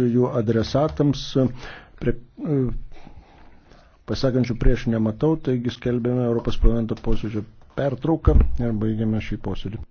jų adresatams. Prie, e, pasakančių prieš nematau, taigi skelbėme Europos parlamento posėdžio pertrauką ir baigėme šį posėdį.